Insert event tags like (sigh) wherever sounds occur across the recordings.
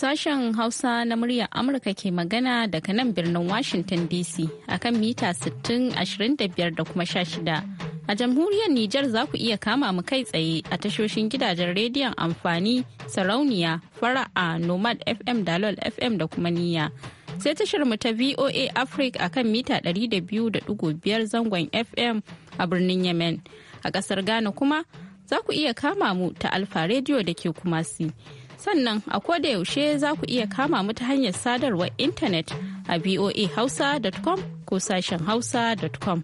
Sashen Hausa na muryar Amurka ke magana daga nan birnin Washington DC akan mita 60, da kuma shida A jamhuriyar Nijar za ku iya kama mu kai tsaye a tashoshin gidajen rediyon amfani sarauniya fara'a nomad fm dalol fm da kuma niya Sai tashar mu ta VOA Africa akan mita 200.5 zangon FM a birnin Yemen. A ƙasar Ghana kuma za ku iya kama mu ta Alfa Radio da ke Kumasi. sannan a da yaushe za ku iya kama mu ta hanyar sadarwar intanet a voahausa.com ko sashen hausa.com.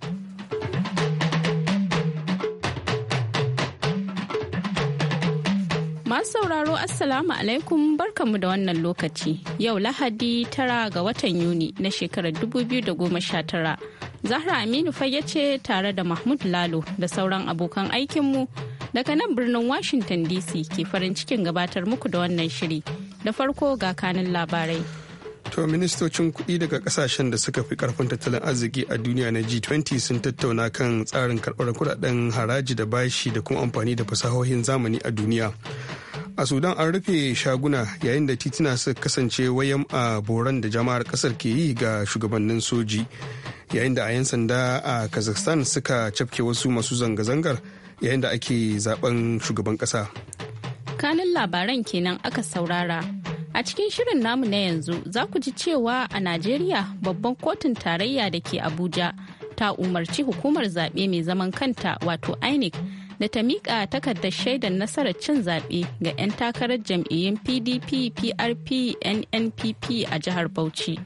Masu sauraro Assalamu alaikum barkanmu da wannan lokaci. Yau Lahadi tara ga watan Yuni na shekarar 2019. Zahra Aminu fayyace tare da Mahmud Lalo da sauran abokan aikinmu Daga nan birnin Washington DC ke farin cikin gabatar muku da wannan shiri. Da farko ga kanin labarai. To ministocin kuɗi daga kasashen da suka fi karfin tattalin arziki a duniya na G20 sun tattauna kan tsarin karɓar kuɗaɗen haraji da bashi da kuma amfani da fasahohin zamani a duniya. A Sudan an rufe shaguna yayin da tituna suka kasance wayan a boran da jama'ar ƙasar ke yi ga shugabannin soji. Yayin da a 'yan sanda a Kazakhstan suka cafke wasu masu zanga-zangar yayin da ake zaben shugaban kasa kanin labaran kenan aka saurara a cikin shirin namu na yanzu za ku ji cewa a najeriya babban kotun tarayya da ke abuja ta umarci hukumar zaɓe mai zaman kanta wato inec da ta miƙa takardar shaidar nasarar cin zaɓe ga 'yan takarar jam'iyyun pdp prp nnpp a jihar bauchi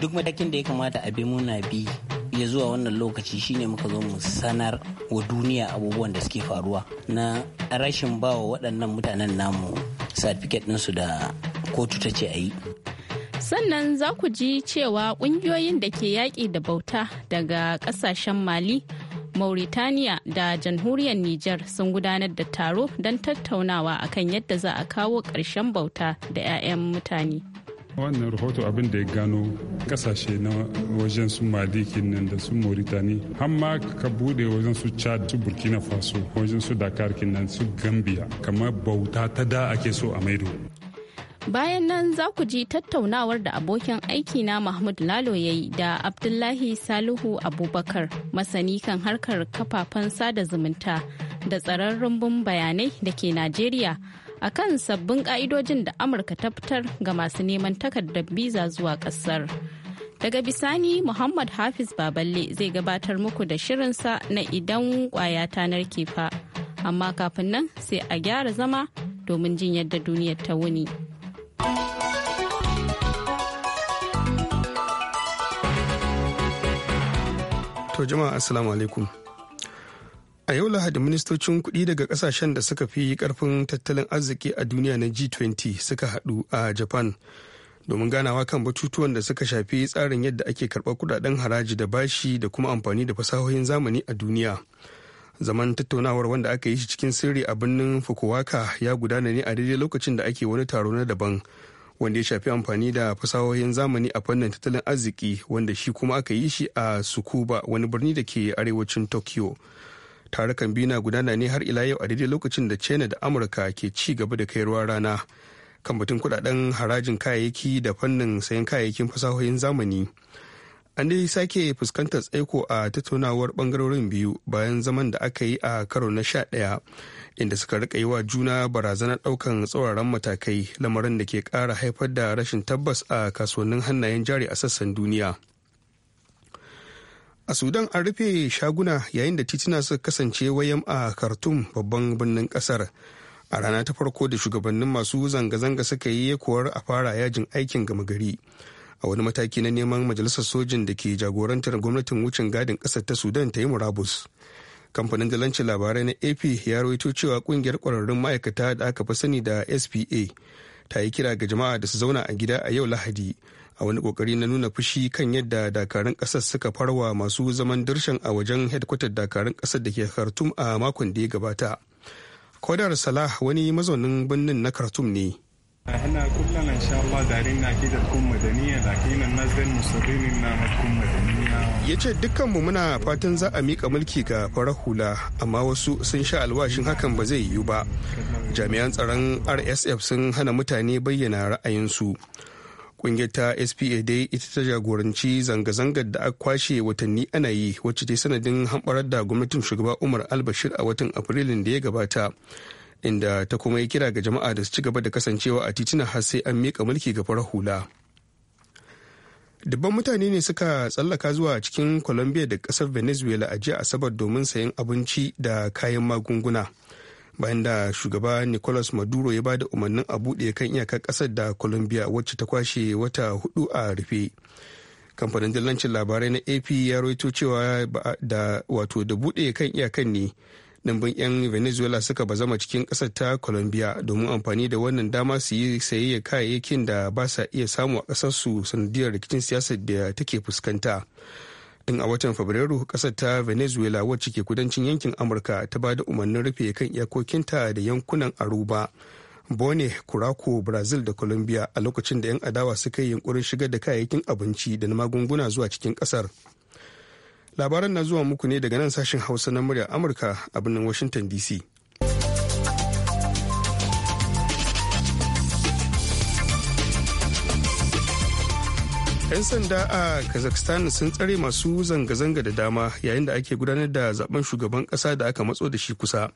duk madakin da ya kamata a bi muna bi ya zuwa wannan lokaci shine muka zo mu sanar wa duniya abubuwan da suke faruwa na rashin bawa waɗannan mutanen namu certificate ɗinsu da kotu ta ce a yi sannan za ku ji cewa ƙungiyoyin da ke yaƙi da bauta daga ƙasashen mali mauritaniya da jamhuriyar Nijar sun gudanar da taro don tattaunawa akan yadda za a kawo ƙarshen bauta da 'ya'yan mutane. wannan rahoto abin da ya gano kasashe na wajen su malikin nan da su mauritani har ma ka bude wajen su chad su burkina faso wajen su dakar nan su gambia kamar bauta ta da ake so a maido bayan nan za ku ji tattaunawar da abokin aiki na mahmud lalo ya yi da abdullahi salihu abubakar masani kan harkar kafafen sada zumunta da tsararrun bayanai da ke najeriya a kan sabbin ka'idojin da amurka ta fitar ga masu neman takardar biza zuwa kasar daga bisani muhammad hafiz baballe zai gabatar muku da shirinsa na idan kwaya ta narke fa amma kafin nan sai a gyara zama domin jin yadda duniyar ta wuni. To jama'a assalamu alaikum. a yau lahadi ministocin kuɗi daga kasashen da suka fi karfin tattalin arziki a duniya na g20 suka haɗu a japan domin ganawa kan batutuwan da suka shafi tsarin yadda ake karɓar kudaden haraji da bashi da kuma amfani da fasahohin zamani a duniya zaman tattaunawar wanda aka yi shi cikin sirri a birnin fukuwaka ya gudana ne a daidai lokacin da ake wani taro na daban wanda ya shafi amfani da fasahohin zamani a fannin tattalin arziki wanda shi kuma aka yi shi a sukuba wani birni da ke arewacin tokyo tarukan biyu na gudana ne har ila yau a daidai lokacin da china da amurka ke ci gaba da kai ruwa rana kan batun kudaden harajin kayayyaki da fannin sayan kayayyakin fasahohin zamani an dai sake fuskantar tsaiko a tattaunawar bangarorin biyu bayan zaman da aka yi a karo na sha ɗaya inda suka rika yi wa juna barazanar ɗaukan tsauraran matakai lamarin da ke kara haifar da rashin tabbas a kasuwannin hannayen jari a sassan duniya. a sudan an rufe shaguna yayin da tituna suka kasance wayan a khartoum babban birnin kasar a rana ta farko da shugabannin masu zanga-zanga suka yi yakuwar a fara yajin aikin gama gari a wani mataki na neman majalisar sojin da ke jagorantar gwamnatin wucin gadin kasar ta sudan ta yi murabus kamfanin dalanci labarai na ap ya rawaito cewa kungiyar kwararrun ma'aikata da aka fi sani da spa ta yi kira ga jama'a da su zauna a gida a yau lahadi a wani kokari na nuna fushi kan yadda dakarun kasar suka farwa masu zaman dirshan a wajen hedkwatar dakarun kasar da ke khartum a makon da ya gabata kodar salah wani mazaunin birnin na khartum ne yace ya ce dukkanmu muna fatan za a miƙa mulki ga farar hula amma wasu sun sha alwashin hakan ba zai yiwu ba jami'an tsaron rsf sun hana mutane bayyana ra'ayinsu Ƙungiyar ta SPA dai ita ta jagoranci zanga-zangar da aka kwashe watanni ana yi wacce ta sanadin hamɓarar da gwamnatin shugaba Umar Albashir a watan Afrilun da ya gabata. Inda ta kuma yi kira ga jama'a da su ci gaba da kasancewa a titina har sai an miƙa mulki ga farar hula. Dubban mutane ne suka tsallaka zuwa cikin Colombia da ƙasar Venezuela a jiya Asabar domin sayan abinci da kayan magunguna. bayan da shugaba nicolas maduro ya ba da umarnin a buɗe kan iyakar ƙasar da colombia wacce ta kwashe wata hudu a rufe kamfanin dillancin labarai na ap ya rawaito cewa da wato da buɗe kan iyakan ne ɗimbin 'yan venezuela suka ba zama cikin ƙasar ta colombia domin amfani da wannan dama su yi sayayya kayayyakin da ba sa iya samu a ƙasarsu sanadiyar rikicin siyasar da take fuskanta tun a watan fabrairu kasar ta venezuela wacce ke kudancin yankin amurka ta ba da umarnin rufe kan iyakokinta da yankunan aruba bone curacao brazil da colombia a lokacin da 'yan adawa suka yi yunkurin shigar da kayayyakin abinci da na magunguna zuwa cikin kasar labaran na zuwa muku ne daga nan sashen hausa na murya amurka a birnin washington dc 'Yan sanda a Kazakhstan sun tsare masu zanga-zanga da dama yayin da ake gudanar da zaben shugaban ƙasa da aka matso da shi kusa.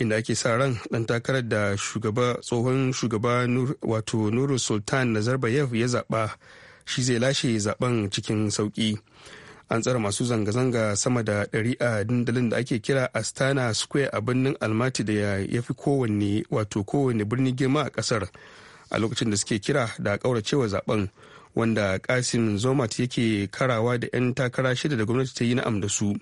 Inda ake sa ran ɗan takarar da shugaba tsohon shugaba wato Nuru Sultan Nazarbayev ya zaba shi zai lashe zaben cikin sauƙi. An tsare masu zanga-zanga sama da ɗari a dandalin da ake kira Astana Square a birnin almati da ya fi kowanne wato kowanne birnin girma a ƙasar a lokacin da suke kira da ƙauracewa zaben. zaɓen. wanda kasim zomat yake karawa da 'yan takara shida da gwamnati ta yi na'am da su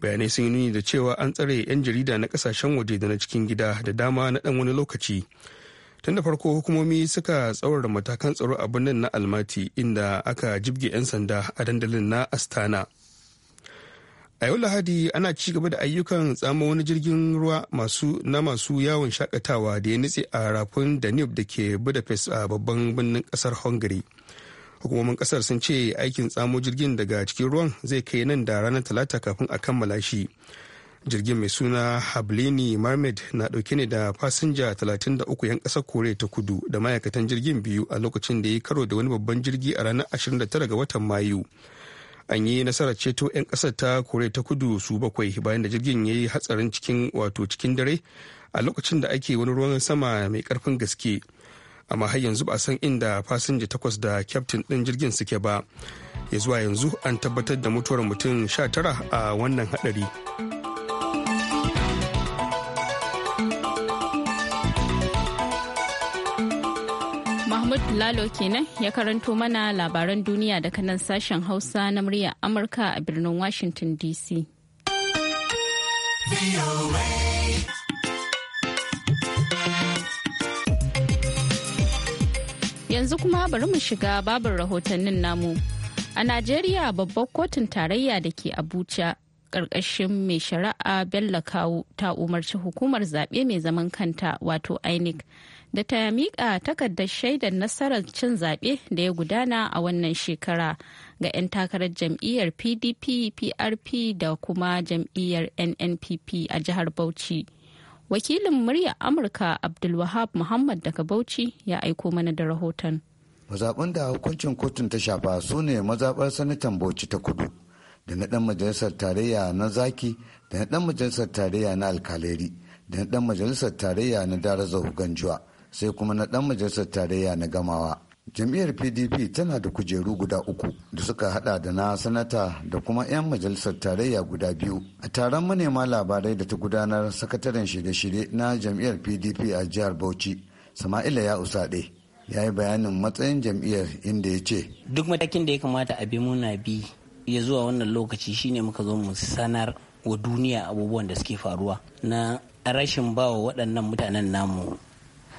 bayanai sun yi nuni da cewa an tsare 'yan jarida na kasashen waje da na cikin gida da dama na dan wani lokaci tun da farko hukumomi suka tsawar matakan tsaro a birnin na almati inda aka jibge 'yan sanda a dandalin na astana a yau lahadi ana ci gaba da ayyukan tsamo wani jirgin ruwa masu na masu yawon shakatawa da ya nutse a rafin danube da ke budapest a babban birnin kasar hungary hukumomin kasar sun ce aikin tsamo jirgin daga cikin ruwan zai kai nan da ranar talata kafin a kammala shi jirgin mai suna hablini marmed na dauke ne da fasinja 33 'yan kasar koriya ta kudu da ma'aikatan jirgin biyu a lokacin da ya karo da wani babban jirgi a ranar 29 ga watan mayu an yi nasarar ceto 'yan kasar ta koriya ta kudu su bakwai bayan da jirgin ya yi hatsarin cikin wato cikin dare a lokacin da ake wani ruwan sama mai karfin gaske amma har yanzu ba san inda fasinja takwas da kyaftin ɗin jirgin suke ba ya zuwa yanzu an tabbatar da mutuwar mutum sha tara a wannan haɗari. Mahmud Lalo kenan ya karanto mana labaran duniya daga nan sashen Hausa na murya Amurka a birnin Washington DC. Yanzu kuma bari mu shiga babin rahotannin namu. A Najeriya babbar kotun tarayya da ke Abuja ƙarƙashin mai shari'a Bello Kawu ta umarci hukumar zaɓe mai zaman kanta wato INEC da ta miƙa takardar shaidar nasarar cin zaɓe da ya gudana a wannan shekara ga 'yan takarar jam'iyyar PDP, PRP da kuma jam'iyyar NNPP a jihar Bauchi. wakilin murya amurka abdulwahab muhammad daga bauchi ya aiko mana da rahoton mazaɓan da hukuncin kotun ta shafa su ne mazaɓar sanatan bauchi ta kudu da na ɗan majalisar tarayya na zaki da na ɗan majalisar tarayya na alkaleri da na ɗan majalisar tarayya na darazar ganjuwa sai kuma na ɗan majalisar tarayya na gamawa jam'iyyar pdp tana da kujeru guda uku da suka hada da na sanata da kuma 'yan majalisar tarayya guda biyu a taron manema labarai da ta gudanar sakataren shirye-shirye na jam'iyyar pdp a jihar bauchi sama'ila ya usade ya yi bayanin matsayin jam'iyyar inda ya ce duk matakin da ya kamata a bi muna bi ya zuwa wannan lokaci shine muka zo mu sanar wa duniya abubuwan da suke faruwa na rashin bawa waɗannan mutanen namu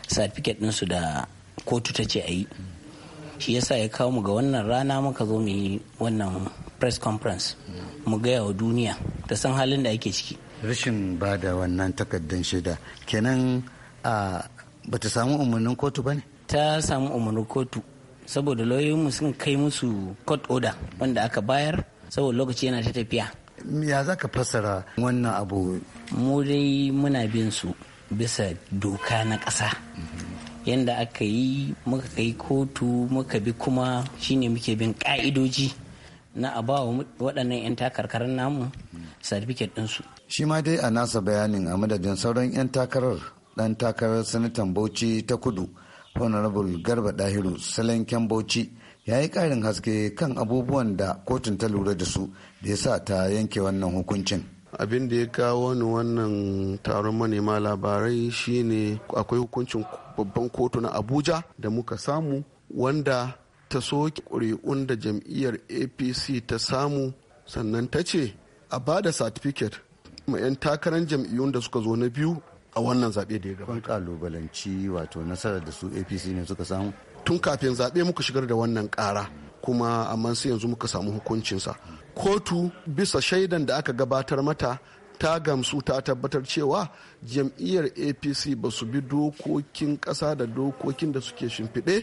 certificate ɗinsu da kotu ta ce a yi shi yasa ya kawo mu ga wannan rana muka zo mu yi wannan press conference mu gaya wa duniya ta san halin da ake ciki rashin ba da wannan takardar shaida kenan a ba ta samu umarnin kotu ba ne ta samu umarnin kotu saboda lauyoyinmu sun kai musu court order wanda aka bayar saboda lokaci yana ta tafiya ya za ka fassara wannan abu mu dai muna bin su bisa doka na ƙasa yadda aka yi muka kai kotu muka bi kuma shine muke bin ka'idoji na a ba waɗannan 'yan takarkarar namu certificate ɗinsu. shi ma dai a nasa bayanin a madadin sauran 'yan takarar ɗan takarar sanatan bauchi ta kudu honorable garba dahiru salenken bauchi ya yi ƙarin haske kan abubuwan da kotun ta lura da su da ya sa ta yanke wannan hukuncin. abin da ya kawo ni wannan taron manema labarai shine akwai hukuncin babban kotu na abuja da muka samu wanda ta soke ƙuri'un da jam'iyyar apc ta samu sannan ta ce a ba da satifiket ma 'yan takarar jam'iyyun da suka zo na biyu a wannan zaɓe da ya gaba. kalubalanci wato nasarar da su apc ne suka samu tun kafin zaɓe muka shigar da wannan ƙara kuma amma sai yanzu muka samu hukuncinsa kotu bisa shaidan da aka gabatar mata ta gamsu ta tabbatar cewa jam'iyyar apc ba su bi dokokin ƙasa da dokokin da suke shimfiɗe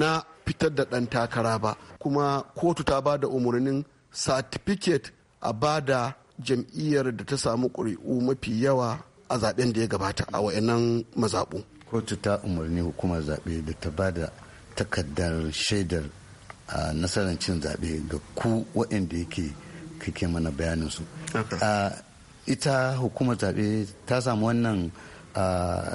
na fitar da ɗan takara ba kuma kotu ta ba da umarnin satifiket a ba da jam'iyyar da ta samu ƙuri'u mafi yawa a zaben da ya gabata a wayannan mazaɓu kotu ta umarni hukumar zaɓe da ta ba da takardar shaidar a nasarar cin zaɓe ga ku waɗanda yake kake mana bayanin su ita hukumar zaɓe ta samu wannan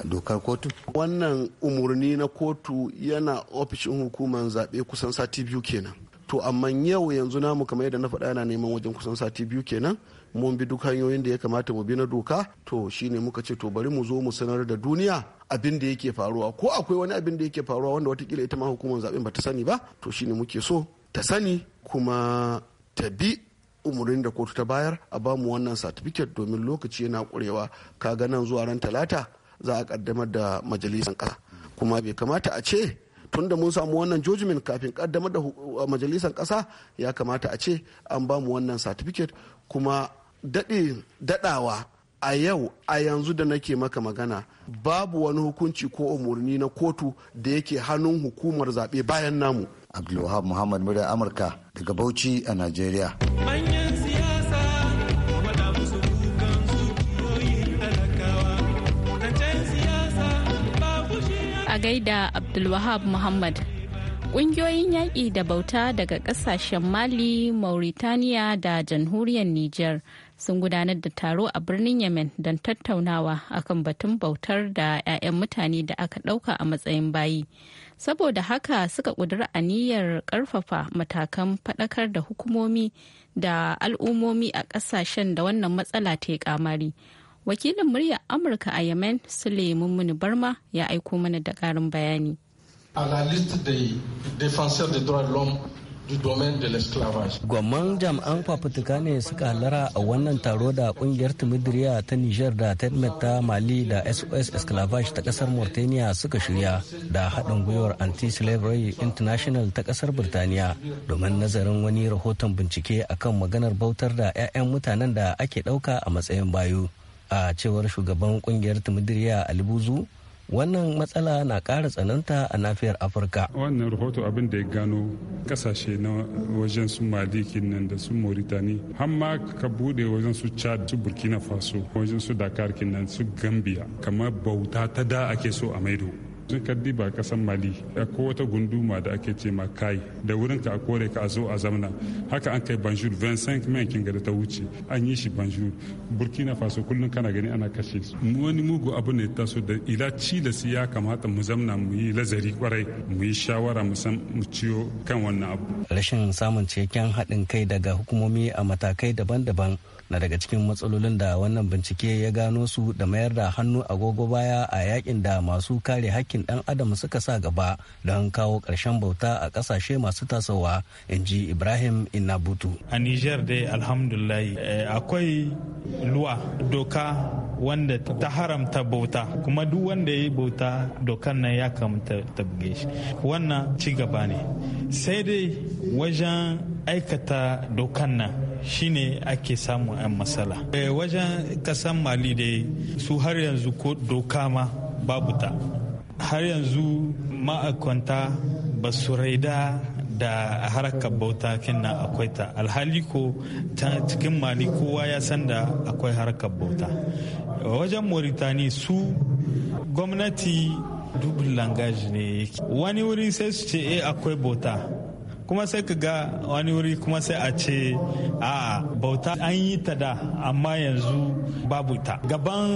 dokar kotu? Wannan umarni na kotu yana ofishin hukumar zaɓe kusan sati biyu kenan. To amma yau yanzu namu kamar yadda na faɗa yana neman wajen kusan sati biyu kenan mun bi duk hanyoyin da ya kamata mu bi na doka to shine muka ce to bari mu zo mu sanar da duniya abin da yake faruwa ko akwai wani abin da yake faruwa wanda watakila ita ma hukumar zaben ba ta sani ba to shine muke so ta sani kuma ta bi umarnin da kotu ta bayar a ba mu wannan satifiket domin lokaci yana kurewa kaga nan zuwa ran talata za a kaddamar da majalisar kasa kuma bai kamata a ce tun mun samu wannan judgment kafin kaddamar da majalisar kasa ya kamata a ce an ba mu wannan satifiket kuma daɗe daɗawa a yau a yanzu da nake maka magana babu wani hukunci ko umarni na kotu da yake hannun hukumar zaɓe bayan namu. Abdulwahab Muhammad Murya Amurka daga Bauchi a Najeriya. A gaida Abdulwahab Muhammad. Ƙungiyoyin yaƙi da bauta daga ƙasashen Mali, Mauritaniya da jamhuriyar Nijar. sun gudanar da taro a birnin yemen don tattaunawa akan batun bautar da 'ya'yan mutane da aka ɗauka a matsayin bayi saboda haka suka ƙudiri aniyar ƙarfafa matakan faɗakar da hukumomi da al'ummomi a ƙasashen da wannan matsala ta yi ƙamari wakilin muryar amurka a yemen suleiman barma ya aiko mana da ƙarin bayani du domaine de l'esclavage. Gwamman jam'an fafutuka ne suka halara a wannan taro da kungiyar Timidiriya ta niger da Tedmet ta Mali da SOS Esclavage ta kasar Mauritania suka shirya da haɗin gwiwar Anti-Slavery International ta kasar Birtaniya domin nazarin wani rahoton bincike akan maganar bautar da 'ya'yan mutanen da ake ɗauka a matsayin bayu. A cewar shugaban kungiyar Timidiriya Alibuzu, wannan matsala na ƙara tsananta a nafiyar afirka wannan rahoto abin da ya gano kasashe na wajen su maliki nan da su mauritani har ma ka bude wajen su chad su burkina faso wajen su dakar nan su gambia kamar bauta ta da ake so a maido sun diba ba kasan mali ko wata gunduma da ake ce ma kai da wurin ka a kore ka zo a zamana haka an kai banjul 25 men kinga da ta wuce an yi shi banjul burkina faso kullum kana gani ana kashe su wani mugu abu ne ta so da ila ci da su ya kamata mu zamana mu yi lazari kwarai mu yi shawara mu san mu ciyo kan wannan abu rashin samun cikakken haɗin kai daga hukumomi a matakai daban-daban na daga cikin matsalolin da wannan bincike ya gano su da mayar da hannu agogo baya a yakin da masu kare hakkin ɗan adam suka sa gaba don kawo ƙarshen bauta a ƙasashe masu tasowa in ji ibrahim inabutu a niger dai alhamdulillah eh, akwai luwa doka wanda ta haramta bauta kuma duk wanda ya yi bauta dokan nan ya kamata ta buge shi wannan ci gaba ne sai dai wajen aikata dokan nan shine ake samun 'yan matsala eh, wajen kasan mali dai su har yanzu ko doka ma babu ta har yanzu ma'akwanta ba su raida da harkar bauta finna akwai ta alhali ko ta cikin mali kowa ya san da akwai harkar bauta wajen mauritani su gwamnati dubin langaji ne wani wuri sai su ce e akwai bauta kuma sai ka ga wani wuri kuma sai a ce a bauta an yi ta da amma yanzu babu ta gaban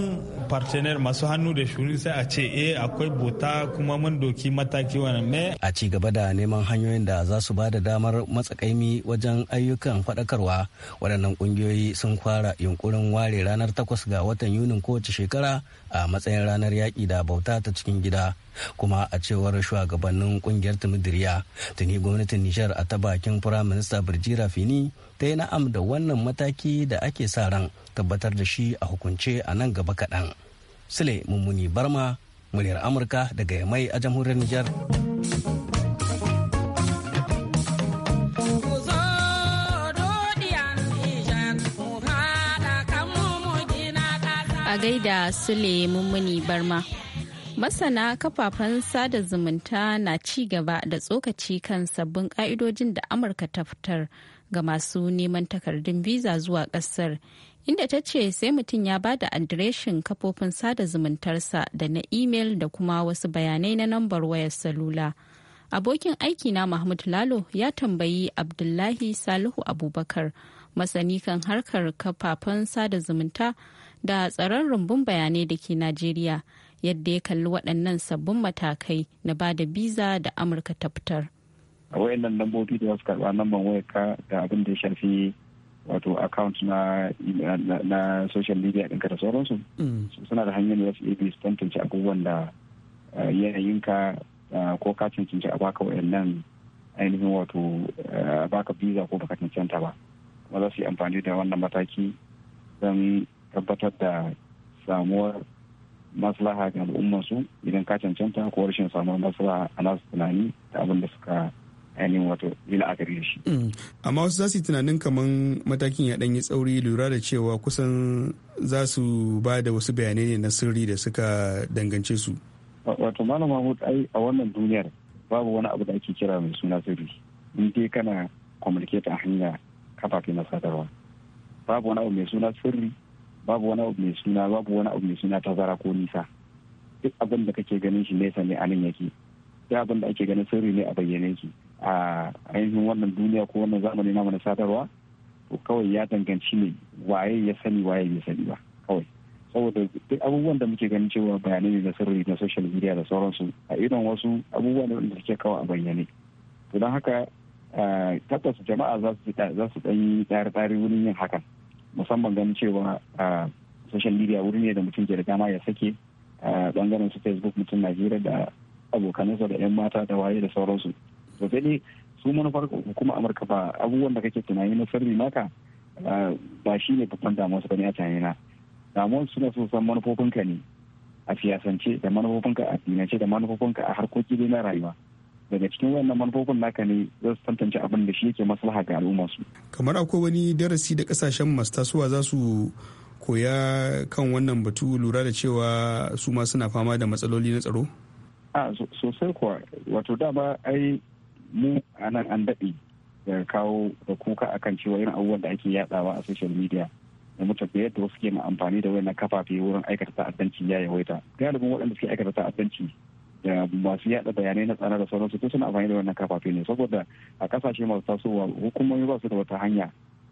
partenaire masu hannu da shuri sai a ce eh akwai bota kuma mun doki mataki wannan me a ci gaba da neman hanyoyin da za su ba da damar matsakaimi wajen ayyukan fadakarwa waɗannan ƙungiyoyi sun fara yunkurin ware ranar takwas ga watan yunin kowace shekara a matsayin ranar yaƙi da bauta ta cikin gida kuma a cewar shugabannin kungiyar timidiriya tuni gwamnatin nishar a ta bakin firaminista birjira fini ta yi na'am da wannan mataki da ake sa ran tabbatar da shi a hukunce a nan gaba kaɗan. Sule Mummuni Barma, muryar Amurka daga Yamai a jamhuriyar Nijar. A gaida Sule Mummuni Barma. Masana kafafen sada zumunta na ci gaba da tsokaci kan sabbin ka'idojin da Amurka ta fitar ga masu neman takardun visa zuwa ƙasar inda ta ce sai mutum ya ba da adireshin kafofin sada zumuntarsa da na imel da kuma wasu bayanai na nambar wayar salula. abokin aikina mahmud lalo ya tambayi abdullahi salihu abubakar masani kan harkar kafafen sada zumunta da tsaron rumbun bayanai da ke najeriya yadda ya kalli waɗannan sabbin matakai na ba da biza da amurka ta fitar a wayannan lambobi da wasu karba lamban waya da abin da ya shafi wato account na na social media ɗinka da sauransu mm. suna da hanyar da su iya tantance abubuwan da eh, yanayinka eh, ko ka cancanci a baka wayannan ainihin wato eh, baka visa ko baka cancanta ba kuma za su yi amfani da wannan mataki don tabbatar da samuwar maslaha ga al'ummarsu idan ka cancanta ko rashin samuwar maslaha a nasu tunani da abin da suka ainihin wato yi la'akari da shi. Mm. amma wasu za su yi tunanin kamar matakin ya ɗanyi tsauri lura da cewa kusan za su ba da wasu bayanai ne na sirri da suka dangance su. wato malam mahmud ai a wannan duniyar babu wani abu da ake kira mai suna sirri in dai kana communicate a hanya kafafen na sadarwa babu wani abu mai suna sirri babu wani abu mai suna babu wani abu mai suna tazara ko nisa duk abin da kake ganin shi nesa ne a nan yake duk abin da ake ganin sirri ne a bayyane ki. a ainihin wannan duniya ko wannan zamani na na sadarwa to kawai ya danganci ne waye ya sani waye bai sani ba kawai saboda duk abubuwan da muke ganin cewa bayanai ne na sirri na social media da sauransu a irin wasu abubuwan ne wanda suke kawai a bayyane to don haka tabbas jama'a za su ɗan yi tsare-tsare wurin yin hakan musamman ganin cewa social media wuri ne da mutum ke da dama ya sake bangaren su facebook mutum najeriya da abokanansa da 'yan mata da waye da sauransu to sai su manufar kuma amurka ba abubuwan da kake tunani na sarri naka ba shi ne babban damuwarsu ba ne a na damuwar suna so san manufofinka ne a siyasance da manufofinka a dinance da manufofinka a harkoki dai na rayuwa daga cikin wannan manufofin naka ne za su tantance abin da shi yake maslaha ga su. kamar akwai wani darasi da kasashen masu tasowa za su koya kan wannan batu lura da cewa su ma suna fama da matsaloli na tsaro? a sosai kuwa wato dama ai mu a nan an daɗe da kawo da kuka kan cewa irin abubuwan da ake yadawa a social media da mutane yadda wasu ke amfani da wayannan kafafe wurin aikata ta'addanci ya yawaita galibin waɗanda suke aikata ta'addanci da masu yada bayanai na tsana da sauransu ko suna amfani da wannan kafafe ne saboda a kasashe masu tasowa hukumomi ba su da wata hanya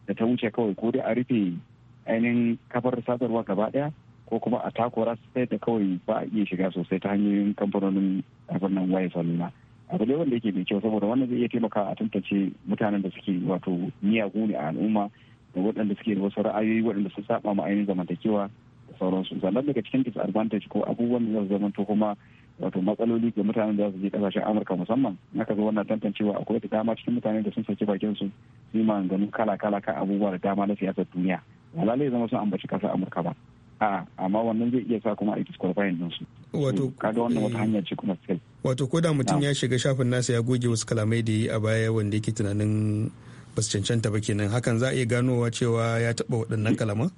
da ta wuce kawai ko dai a rufe ainihin kafar sadarwa gaba daya ko kuma a takura sai da kawai ba a iya shiga sosai ta hanyoyin kamfanonin abin nan waye salula abu ne wanda yake mai kyau saboda wannan zai iya taimaka a tantance mutanen da suke wato miyagu ne a al'umma da waɗanda suke da wasu ra'ayoyi waɗanda sun saba ma ainihin zamantakewa da sauransu sannan daga cikin disadvantage ko abubuwan da za su kuma wato matsaloli ga mutanen da za su je kasashen amurka musamman na aka wannan tantancewa akwai da dama cikin mutanen da sun saki bakin su su yi ganin kala kala kan abubuwa da dama na siyasar duniya wala zai zama sun ambaci kasar amurka ba a amma wannan zai iya sa kuma a disqualifying din su wato hmm, kada wannan wata eh, hanya ce kuma sai wato ko da mutum ya shiga shafin nasa ya goge wasu kalamai da yi a baya wanda yake tunanin ba cancanta ba kenan hakan za a iya ganowa cewa ya taɓa waɗannan kalaman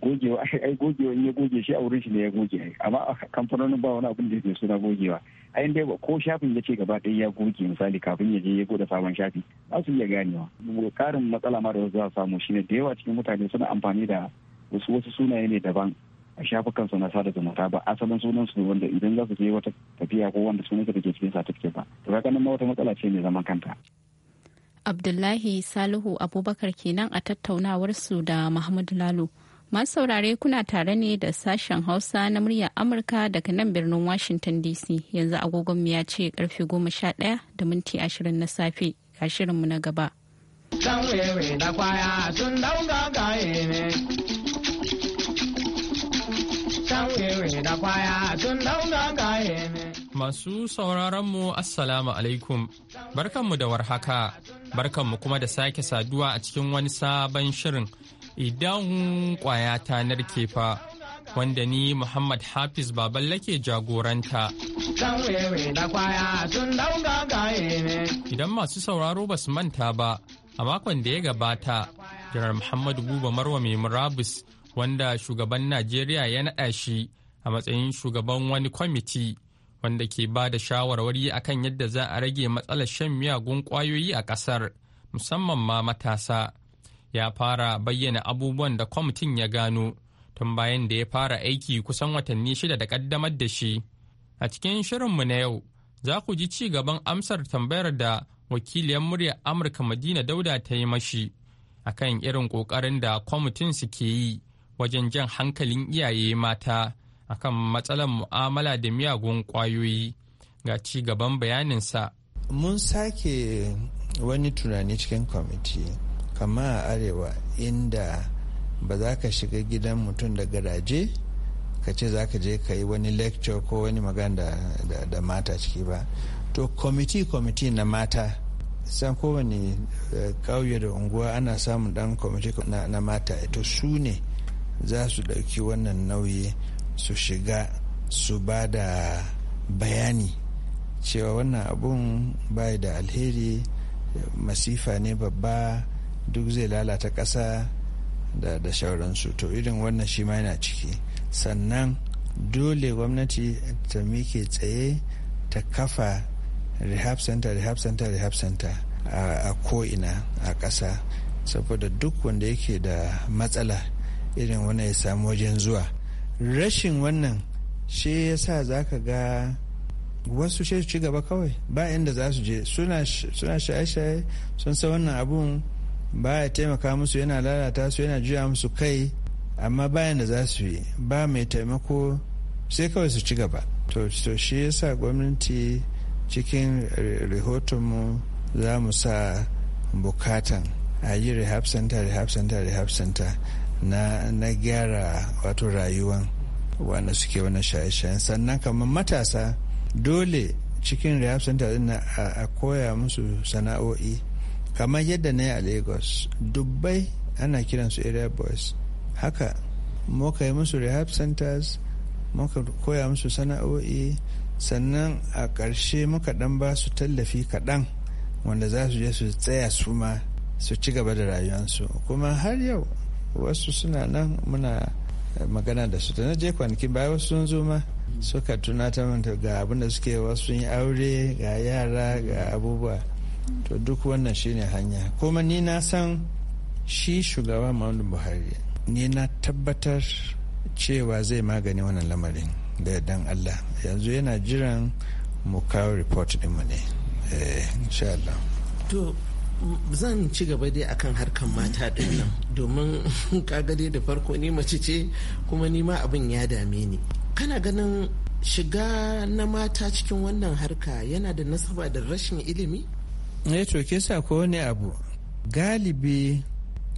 gogewa ai gogewa ya goge shi a wurin shi ne ya goge amma a kamfanonin ba wani abin da ke suna gogewa ai dai ko shafin ya ce gaba ɗaya ya goge misali kafin ya je ya goda sabon shafi za su iya ganewa karin matsala ma da za su samu shine da yawa cikin mutane suna amfani da wasu wasu sunaye ne daban a shafukansu na sada zumunta ba asalin sunansu ne wanda idan za su je wata tafiya ko wanda sunan da ke cikin satifike ba to kaga nan wata matsala ce mai zaman kanta Abdullahi Salihu Abubakar kenan a tattaunawar su da Muhammad Lalo. Masu saurare kuna tare ne da sashen Hausa na muryar Amurka daga nan birnin Washington DC yanzu agogon mu ya ce karfe goma sha ɗaya da minti ashirin na safe ga shirinmu na gaba. masu sauraron mu Masu sauraronmu Assalamu alaikum, barkanmu da warhaka, barkanmu kuma da sake saduwa a cikin wani sabon shirin idan kwaya ta narke fa. Wanda ni Muhammad Hafiz Baballe ke jagoranta. Idan masu sauraro ba su manta ba, a makon da ya gabata, Jiran Muhammadu Buba Marwa mai murabus wanda shugaban najeriya ya naɗa shi a matsayin shugaban wani kwamiti wanda ke ba da shawarwari akan yadda za a rage matsalar shan miyagun ƙwayoyi a ƙasar musamman ma matasa ya fara bayyana abubuwan da kwamitin ya gano tun bayan da ya fara aiki kusan watanni shida da ƙaddamar da shi a cikin shirinmu na yau za ku ji ci gaban amsar tambayar da wakiliyar muryar amurka madina dauda ta yi mashi akan irin ƙoƙarin da kwamitin su ke yi wajen jan hankalin iyaye mata akan matsalar mu'amala da miyagun kwayoyi ga ci gaban bayaninsa. Mun sake wani tunani cikin kwamiti kama a arewa inda ba za ka shiga gidan mutum da garaje ka ce za ka je ka yi wani lecture ko wani magana da, mata ciki ba to kwamiti kwamiti na mata san kowane kauye eh, da unguwa ana samun dan kwamiti na mata to su ne za su ɗauki wannan nauyi su shiga su ba da bayani cewa wannan abun bai da alheri masifa ne babba duk zai lalata ƙasa da da shauransu to irin wannan shi ma yana ciki sannan dole gwamnati ta mike tsaye ta kafa rehab center rehab center rehab center a ko'ina a ƙasa saboda duk wanda yake da matsala irin wannan ya samu wajen zuwa rashin wannan shi ya sa za ka ga wasu shi ci gaba kawai ba inda za su je suna shaye-shaye sun san wannan abun ba ya taimaka musu yana lalata su yana juya musu kai amma bayan da za su yi ba mai taimako sai kawai su ci gaba to shi ya sa gwamnati cikin rahotonmu za mu sa bukatan a yi rehab center rehab center rehab center na, na gyara wato rayuwan wanda suke wannan shaye-shayen sannan kamar matasa dole cikin rehab center din a koya musu sana'o'i kamar yadda na yi a lagos dubbai ana kiransu area boys haka muka yi musu rehab centers muka koya musu sana'o'i sannan a ƙarshe muka ɗan ba su tallafi kaɗan wanda za su je su tsaya su ma su ci gaba da rayuwansu kuma har yau wasu suna nan muna eh, magana da su na je kwanakin baya wasu sun zo ma suka ta manta ga abin suke wasu yi aure ga yara ga abubuwa to duk wannan shine hanya kuma ni na san shi shugaba muhammadu buhari ni na tabbatar cewa zai magani wannan lamarin da dan allah yanzu yana jiran mu kawo report mu ne eh, insha Allah. to zan ci gaba dai akan harkar mata din nan domin (laughs) kaga dai da farko ni mace ce kuma ni ma abin ya dame ni kana ganin shiga na mata cikin wannan harka yana da nasaba da rashin ilimi ne eh to ke sa ko wani abu galibi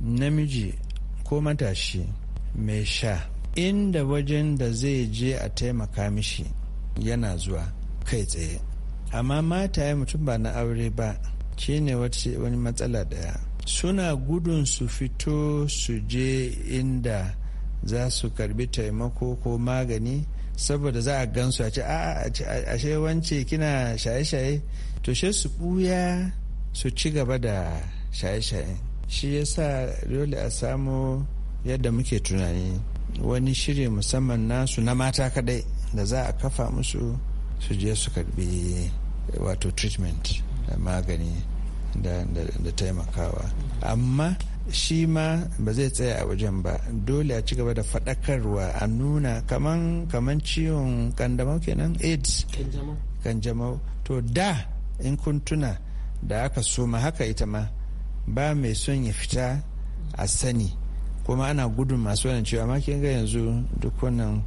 namiji ko matashi mai sha inda wajen da zai je a taimaka mishi yana zuwa kai tsaye amma mata ya mutum ba na aure ba ne wani matsala daya suna gudun su fito su je inda za su karbi taimako ko magani saboda za a gansu a ce ashe wance kina shaye-shaye to she su buya su ci gaba da shaye-shaye shi ya sa dole a samu yadda muke tunani wani shiri musamman nasu na mata kadai da za a kafa musu su je su karbi wato treatment magani da taimakawa amma shi ma ba zai tsaya a wajen ba dole a ci gaba da faɗakarwa a nuna kaman kaman ciwon kandamau kenan aids kanjamau to da in kun tuna da aka soma haka ita ma ba mai son ya fita a sani kuma ana gudun masu wannan cewa amma yanzu duk wannan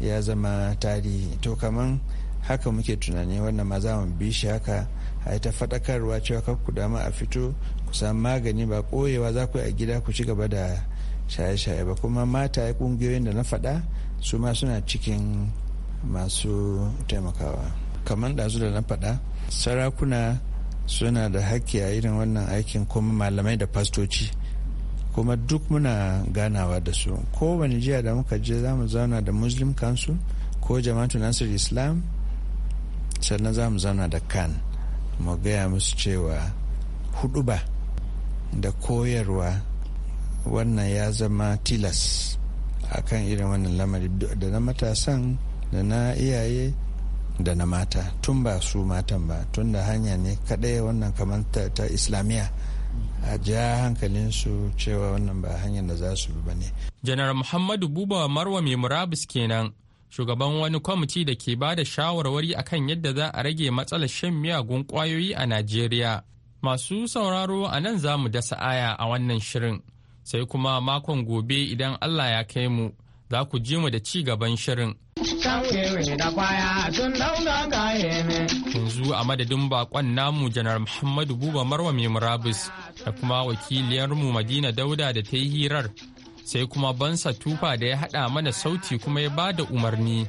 ya zama tarihi to kaman haka muke tunani wannan ma za mu bi shi haka a ta faɗakarwa cewa kar ku dama a fito ku samu magani ba koyewa za ku yi a gida ku ci gaba da shaye-shaye ba kuma mata ya ƙungiyoyin da na faɗa su ma suna cikin masu taimakawa kamar ɗazu da na faɗa sarakuna suna da haƙƙi a irin wannan aikin kuma malamai da fastoci kuma duk muna ganawa da su kowane jiya da muka je za mu zauna da muslim council ko jama'atu nasir islam sannan za mu zauna da kan mu gaya musu cewa huduba da koyarwa wannan ya zama tilas a kan irin wannan lamari da na matasan da na iyaye da na mata tun ba su matan ba tun da hanya ne kadai wannan kamar ta islamiyya a ja hankalinsu cewa wannan ba hanyar da za su bi ba ne. janar muhammadu buba marwa mai murabus kenan shugaban wani kwamiti da ke ba da shawarwari akan yadda za a rage matsalar shan miyagun kwayoyi a Najeriya. Masu sauraro a nan za mu dasa aya a wannan shirin, sai kuma makon gobe idan Allah ya kai mu za ku ji mu da ci gaban shirin. Yanzu a madadin bakon namu janar Muhammadu Buba Marwa murabus da kuma wakiliyarmu Madina Dauda da ta yi hirar sai kuma bansa tufa da ya haɗa mana sauti kuma ya bada umarni.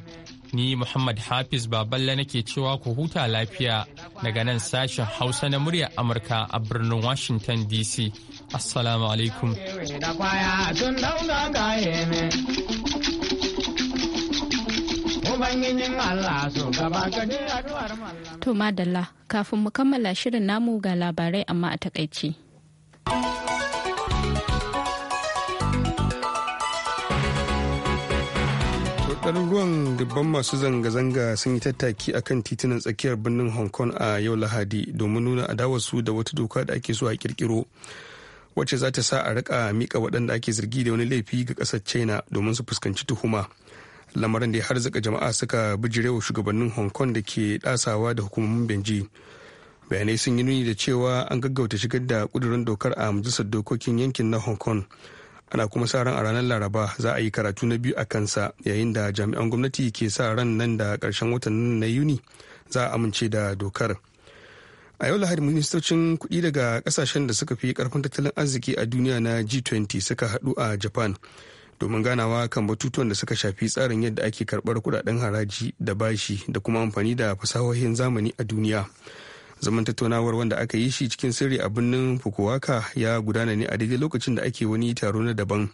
Ni Muhammad Hafiz Baballa nake cewa ku huta lafiya daga nan sashen Hausa na muryar Amurka a birnin Washington DC. Assalamu alaikum. To madalla kafin mu kammala shirin namu ga labarai amma a takaici. ɗaruruwan dubban masu zanga-zanga sun yi tattaki a kan titunan tsakiyar birnin hong kong a yau lahadi domin nuna adawarsu da wata doka da ake so a kirkiro wacce za ta sa a rika mika waɗanda ake zargi da wani laifi ga ƙasar china domin su fuskanci tuhuma lamarin da ya harzika jama'a suka bijirewa shugabannin hong kong da ke ɗasawa da hukumomin benji bayanai sun yi nuni da cewa an gaggauta shigar da ƙudurin dokar a majalisar dokokin yankin na hong kong ana kuma sa ran a ranar laraba za a yi karatu na biyu a kansa yayin da jami'an gwamnati ke sa ran nan da karshen watan na yuni za a amince da dokar a yau lahadi ministocin kudi daga kasashen da suka fi karfin tattalin arziki a duniya na g20 suka hadu a japan domin ganawa kan batutuwan da suka shafi tsarin yadda ake karbar kudaden haraji da bashi da kuma amfani da fasahohin zamani a duniya zaman tattaunawar wanda aka yi shi cikin sirri a birnin fukuwaka ya gudana ne a daidai lokacin da ake wani taro na daban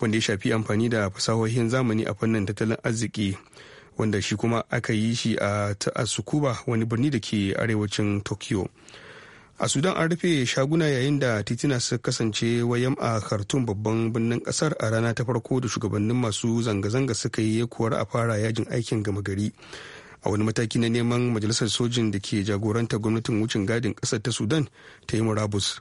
wanda ya shafi amfani da fasahohin zamani a fannin tattalin arziki wanda shi kuma aka yi shi a asukuba wani birni da ke arewacin tokyo a sudan an rufe shaguna yayin da titina su kasance wayam a khartoum babban birnin kasar a rana ta farko da shugabannin masu zanga-zanga suka yi yakuwar a fara yajin aikin gama gari a wani mataki na neman majalisar sojin da ke jagoranta gwamnatin wucin gadin kasar ta sudan ta yi murabus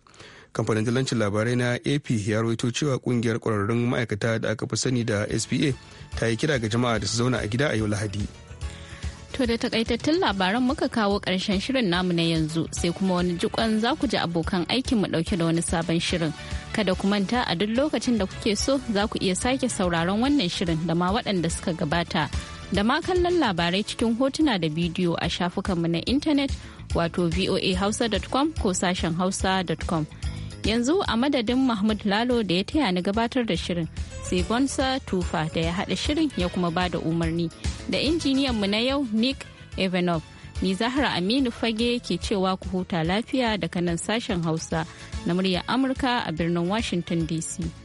kamfanin dalancin labarai na ap ya rawaito cewa kungiyar kwararrun ma'aikata da aka fi sani da spa ta yi kira ga jama'a da su zauna a gida a yau lahadi To da takaitattun labaran muka kawo karshen shirin namu na yanzu sai kuma wani jikon za ku ji abokan aikin mu dauke da wani sabon shirin. Kada ku manta a duk lokacin da kuke so za ku iya sake sauraron wannan shirin da ma waɗanda suka gabata da ma kallon labarai cikin hotuna da bidiyo a shafukanmu na intanet wato voahausa.com ko sashen hausa.com. Yanzu a madadin Mahmud Lalo da ya taya ni gabatar da shirin, sai Bonsa Tufa da ya haɗa shirin ya kuma ba da umarni. Da injiniyanmu na yau Nick Evanov, ni Zahra Aminu Fage ke cewa ku huta lafiya daga nan sashen Hausa na muryar Amurka a birnin Washington DC.